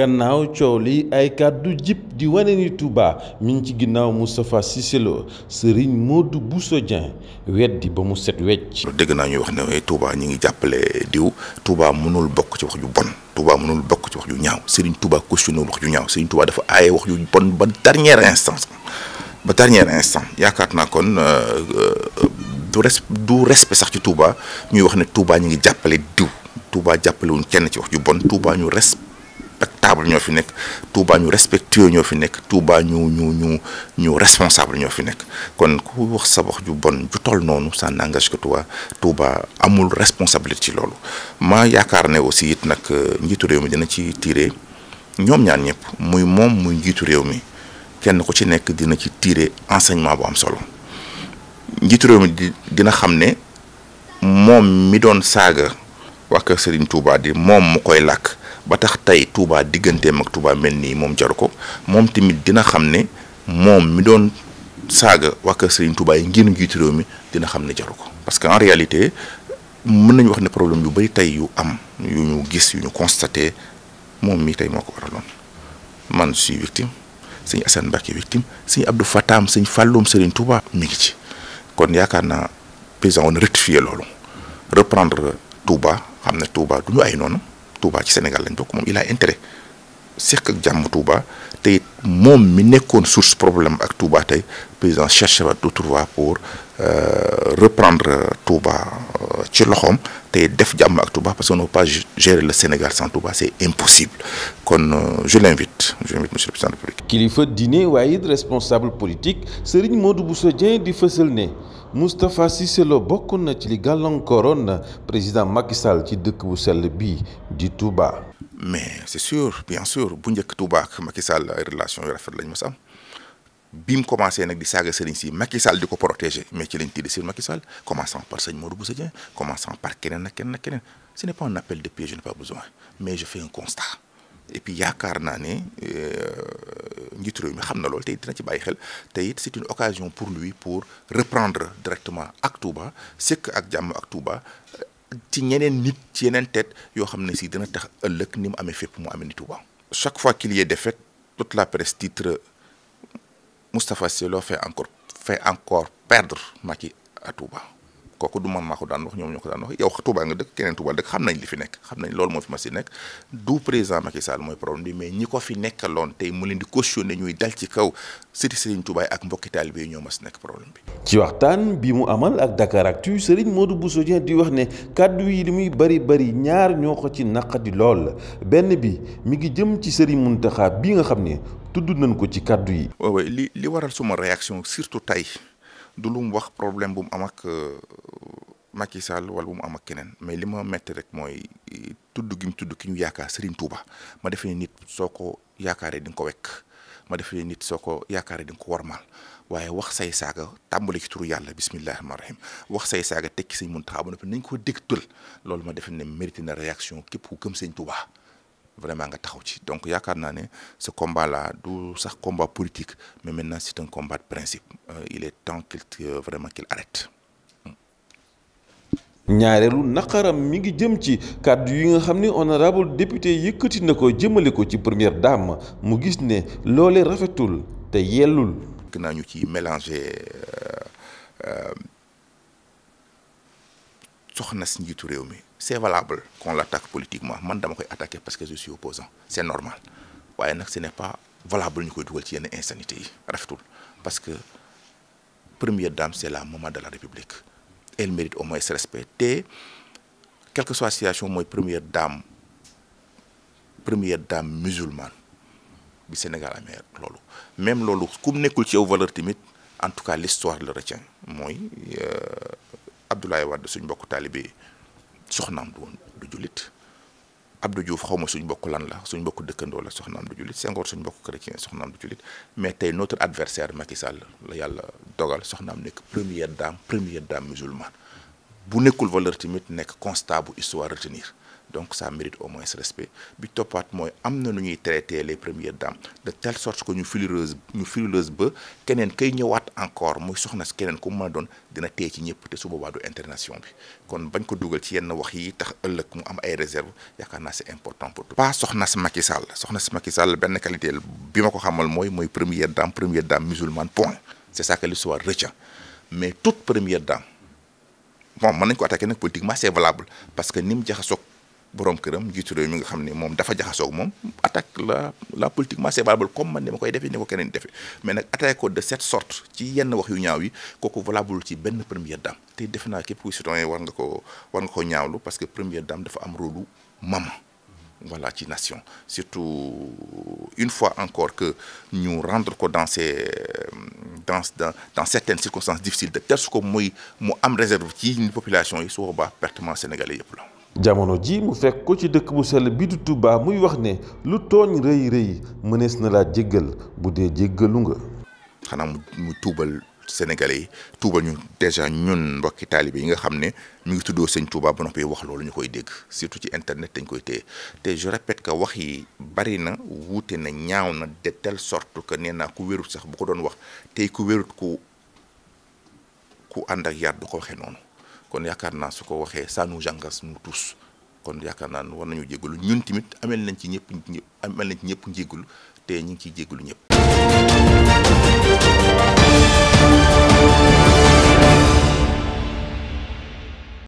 gannaaw coow lii ay kàddu jip di wane ni Touba mi ngi ci ginnaaw Moustapha Cissé Lo Serigne Modou Bousso Dieng weddi ba mu set wecc. dégg naa ñuy wax ne eh, Touba ñi ngi jàppale diw Touba mënul bokk ci wax ju bon Touba mënul bokk ci wax ju ñaaw Serigne Touba questionné wax ju ñaaw Serigne Touba dafa aaye wax ju bon ba dernière instance ba dernière instance yaakaar naa kon. Euh, euh, du res du respect sax ci Touba ñuy wax ne Touba ñu ngi jàppale diw Touba jàppale wuñ kenn ci wax ju bon Touba ñu respect respectable ñoo fi nekk Touba ñu respectueux ñoo fi nekk Touba ñu ñu ñu ñu responsable ñoo fi nekk kon ku wax sa wax ju bon ju toll noonu ça n'engage que toi Touba amul responsabilité ci loolu ma yaakaar ne aussi it nag euh, njiitu réew mi dina ci tirer ñoom ñaar ñëpp muy moom muy njiitu réew mi kenn ku ci nekk dina ci tirer enseignement bu am solo njiitu réew di dina xam ne moom mi doon saaga wax kër Serigne Touba di moom mu koy làkk ba tax tey Touba digganteem ak Touba mel nii moom jaru ko moom tamit dina xam ne moom mi doon saaga waa kër Serigne Touba yi ngir njiitu mi dina xam ne jaru ko parce que en réalité mën nañu wax ne problème yu bari tey yu am yu ñu gis yu ñu constaté moom mii tey moo ko waraloon man suis victime sëñ Assane Mbacke victime sëñ Abdou Fatam sëñ Falloum Serigne Touba mi ngi ci kon yaakaar naa président woon rectifier loolu reprendre Touba xam ne Touba du ñu ay noonu. Touba ci Sénégal lañ bokk il a intérêt seq ak jamm Touba te mom mi nekkoon source problème ak Touba tey président cherche va tout trouver pour euh, reprendre Touba euh, ci loxoom te def jàmm ak Touba parce qu'on ne peut pas gérer le Sénégal sans Touba c'est impossible kon euh, je l'invite je l'invite monsieur le président de la République kilifa dîner dîner, responsable politique Serigne Modou Bousso di feussel né Moustapha Cissé Lo bokk na ci li gàllankooroon président Macky Sall ci deuk bu sel bi di Touba mais c'est sûr bien sûr bu njëkk Touba ak Macky Sall relation yu rafet lañ am bim commencé nak di saga serigne si Macky Sall di protéger mais ci lañ tidd sur Macky Sall commençant par sëñ Modou Bousso commençant par kenen ak keneen ak keneen ce n'est pas un appel de pied je n'ai pas besoin mais je fais un constat et puis yaakaar naa ne euh, njiitu réew mi xam te dina ci baye xel te it c'est une occasion pour lui pour reprendre directement ak c'est que ak jam ak ci ñeneen nit ci yeneen tête yo xamné si dina tax ëllëg ni mu amee fépp mu amé ni Touba chaque fois qu'il y a défaite toute la presse titre Moustapha Cissé fait encore fait encore perdre Macky à Touba. kooku du man maa ko daan wax ñoom ñoo ko daan wax yow Touba nga dëkk keneen Touba dëkk xam nañ li fi nekk xam nañ loolu moo fi ma si nekk du président Macky Sall mooy problème bi mais ñi ko fi nekkaloon tey mu leen di cautionné ñuy dal ci kaw sëti Serigne Touba ak mbokki taalibe yi ñoo ma si nekk problème bi. ci waxtaan mu amal ak Dakaractu Serigne Modou Bousso Dieng di wax ne kàddu yi li muy bari bari ñaar ñoo ko ci naq di lool benn bi mi ngi jëm ci mun Mountakha bi nga xam ne tudd nañ ko ci kàddu yi. li li waral suma réaction surtout tey. du lu mu wax problème bu mu am ak euh, Macky Sall wala bu mu am ak keneen mais li ma metti rek mooy tudd gi mu tudd ki ñu yaakaar Serigne Touba ma defee nit soo ko yaakaaree di nga ko wekk ma defee nit soo ko yaakaaree di nga ko warmaal waaye wax say saaga tàmbali ci turu yàlla bismillahi rahmaani rahiim wax say saaga tekki Serigne Mountakha ba noppi nañ ko dégtal loolu ma defe ne mérite na képp ku vraiment nga taxaw ci donc yaakaar naa ce combat là dou sax combat politique mais maintenant c'est un combat de principe euh, il est temps qu'il euh, vraiment qu'il arrête ñaarelu nakaram mi ngi jëm ci kàddu yi nga xam ni honorable député yëkkati na ko jëmale ko ci première dame mu gis ne loole rafetul te yellul. gën ci mélanger euh, soxna si njiitu réew mi c'est valable qu'on l'attaque politiquement Moi, dama koy attaqué parce que je suis opposant c'est normal Mais ce n'est pas valable qu'on koy une ci une insanité parce que la première dame c'est la maman de la république elle mérite au moins ce respect Et quelle que soit la situation la première dame première dame musulmane du Sénégal même lolo, comme nekkul ci yow valeurs timides, en tout cas l'histoire le retient euh, Abdoulaye Wade suñ talibé, soxnam du woon du jullit Abdou Diouf xaw ma suñ bokk lan la suñ bokk dëkkandoo la soxnam du julit sengor suñ bokk chrétien soxnam du julit mais tay notre adversaire Macky Sall la yalla dogal soxnam nek première dame première dame musulmane bu nekul valeur tamit nek constat bu histoire retenir donc ça mérite au moins ce respect bi topat moy amna na nu ñuy traité les premières dames de telle sorte que ñu fileuse ñu fileuse ba kenen kay ñëwaat encore moy soxna si keneen ku mën a dina té ci ñëpp té su boobaa du internation bi kon bañ ko dugal ci yenn wax yi tax ëlëk mu am ay réserve yakarna c'est important pour tout pas soxna si Macky Sall soxna si Macky Sall ben qualité bi ma ko xamal moy moy première dame première dame musulmane point c'est ça que l'histoire retient mais toute première dame bon mën nañ ko attaquer nak politiquement c'est valable parce que nim mu borom kërëm njiitu réew mi nga xam ne moom dafa jaxasoog moom attaque la la politiquement c'est valable comme man ni ma koy defee ni ko keneen defee mais nag attaque ko de cette sorte ci yenn wax yu ñaaw yi kooku valable ci benn première dame te defe naa képp kuy citoyen war nga ko war nga ko ñaawlu parce que première dame dafa am rôle maman voilà ci nation surtout une fois encore que ñu rendre ko dans ces dans dans certaines circonstances difficiles de telle ko muy mu am réserve ci population yi su boobaa pertement sénégalais yëpp la jamono jii mu fekk ko ci dëkk bu sell bi du Tuubaa muy wax ne lu tooñ rëy rëy mënees na laa jéggal bu dee jéggalu nga xanaa mu tuubal Sénégalais yi tuubal ñu déjà ñun mbokki taalibe yi nga xam ne mi ngi tuddoo sëñ Touba ba noppi wax loolu ñu koy dégg surtout ci internet dañ koy téye te je répète wax yi bari na wuute na ñaaw na de telle sorte que nee naa ku wérut sax bu ko doon wax tey ku wérut ku ku ànd ak yar du ko waxee noonu kon yaakaar naa su ko waxee ça nous engage nous kon yaakaar naa war nañu jégalu ñun tamit amel nañ ci ñëpp amel nañ ñëpp njégalu te ñu ngi ciy jégalu ñëpp